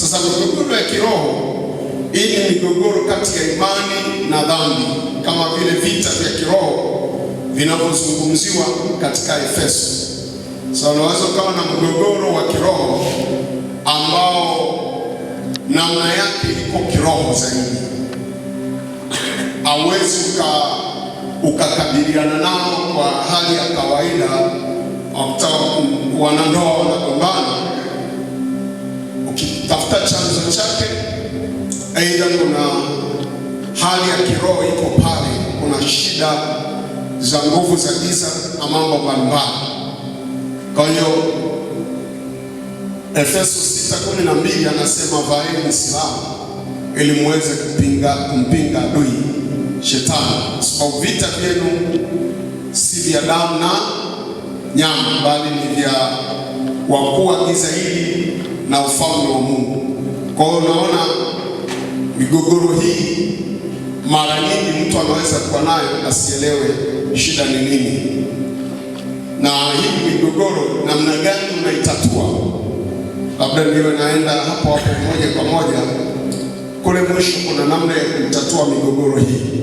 Sasa migogoro ya kiroho hii ni migogoro kati ya imani na dhambi, kama vile vita vya kiroho vinavyozungumziwa katika Efeso. Sasa unaweza ukawa na mgogoro wa kiroho ambao namna yake iko kiroho zaidi, hauwezi ukakabiliana nao kwa hali ya kawaida. Wanandoa wanagombana Aidha, kuna hali ya kiroho iko pale, kuna shida za nguvu za giza na mambo mbalimbali. Kwa hiyo Efeso 6:12 anasema vaeni silaha ili muweze kupinga kumpinga adui shetani, sababu vita vyenu si vya damu na nyama, bali ni vya wakuu wa giza hili na ufalme wa Mungu. Kwa hiyo unaona Migogoro hii mara nyingi mtu anaweza kuwa nayo asielewe shida ni nini, na hii migogoro namna gani unaitatua. Labda niwe naenda hapo hapo moja kwa moja kule mwisho, kuna namna ya kutatua migogoro hii,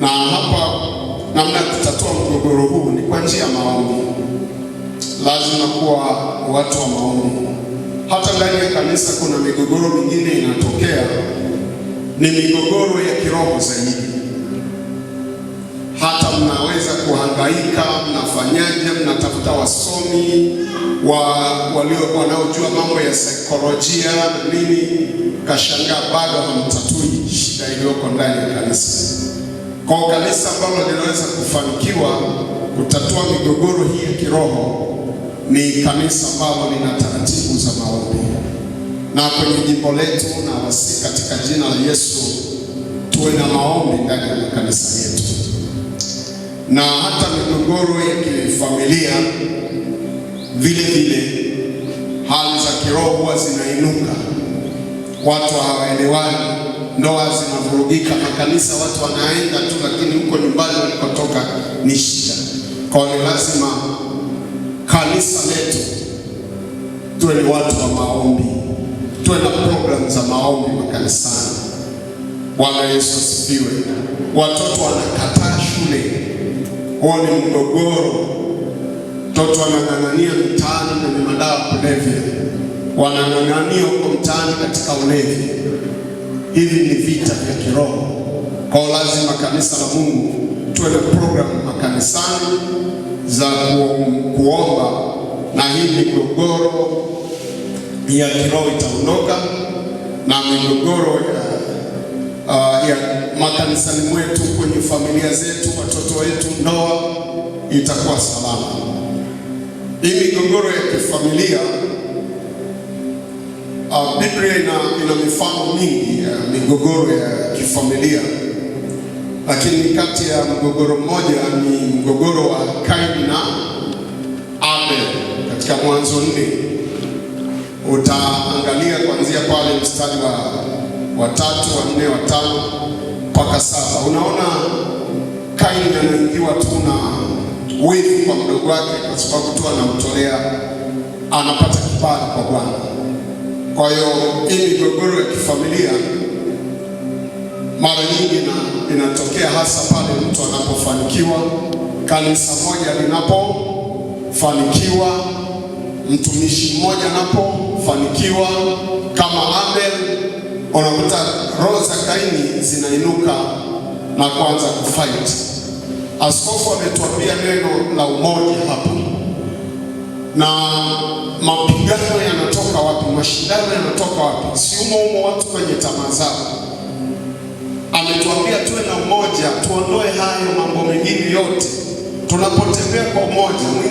na hapa namna ya kutatua mgogoro huu ni kwa njia ya maombi. Lazima kuwa watu wa maombi hata ndani ya kanisa kuna migogoro mingine inatokea, ni migogoro ya kiroho zaidi. Hata mnaweza kuhangaika, mnafanyaje, mnatafuta wasomi wa walio wanaojua mambo ya saikolojia nini, kashangaa bado hamtatui shida iliyoko ndani ya kanisa. Kwa kanisa ambalo linaweza kufanikiwa kutatua migogoro hii ya kiroho ni kanisa ambalo lina taratibu za maombi, na kwenye jimbo letu na wasi katika jina la Yesu tuwe na maombi ndani ya makanisa yetu, na hata migogoro ya kifamilia vile vile, hali za kiroho zinainuka, watu hawaelewani, ndoa zinavurugika, makanisa watu wanaenda tu, lakini huko nyumbani walikotoka ni shida. Kwa hiyo lazima kanisa letu tuwe ni watu wa maombi, tuwe na programu za maombi makanisani. Bwana Yesu asifiwe. Watoto wanakataa shule, huo ni mgogoro. Mtoto wanang'ang'ania mtaani kwenye madawa kulevya, wanang'ang'ania huko mtaani katika ulevi. Hivi ni vita vya kiroho, kwa lazima kanisa la Mungu tuwe na programu makanisani za kuomba na hii migogoro ya kiroho itaondoka na migogoro ya, uh, ya makanisani mwetu, kwenye familia zetu, watoto wetu, ndoa itakuwa salama. Hii migogoro ya kifamilia uh, Biblia ina, ina mifano mingi ya migogoro ya kifamilia lakini kati ya mgogoro mmoja ni mgogoro wa Kaini na Abel katika Mwanzo nne. Utaangalia kuanzia pale mstari wa watatu wa nne wa tano mpaka saba. Unaona Kaini anaingiwa tu na wivu kwa mdogo wake, kwa sababu tu anamtolea, anapata kibali kwa Bwana. Kwa hiyo hii migogoro ya kifamilia mara nyingi inatokea hasa pale mtu anapofanikiwa, kanisa moja linapofanikiwa, mtumishi mmoja anapofanikiwa kama Abel, unakuta roho za Kaini zinainuka na kuanza kufight. Askofu ametuambia neno la umoja hapo, na mapigano yanatoka wapi? Mashindano yanatoka wapi? Si umo umo watu kwenye tamaa zao ametuambia tuwe na umoja, tuondoe hayo mambo mengine yote tunapotembea kwa umoja.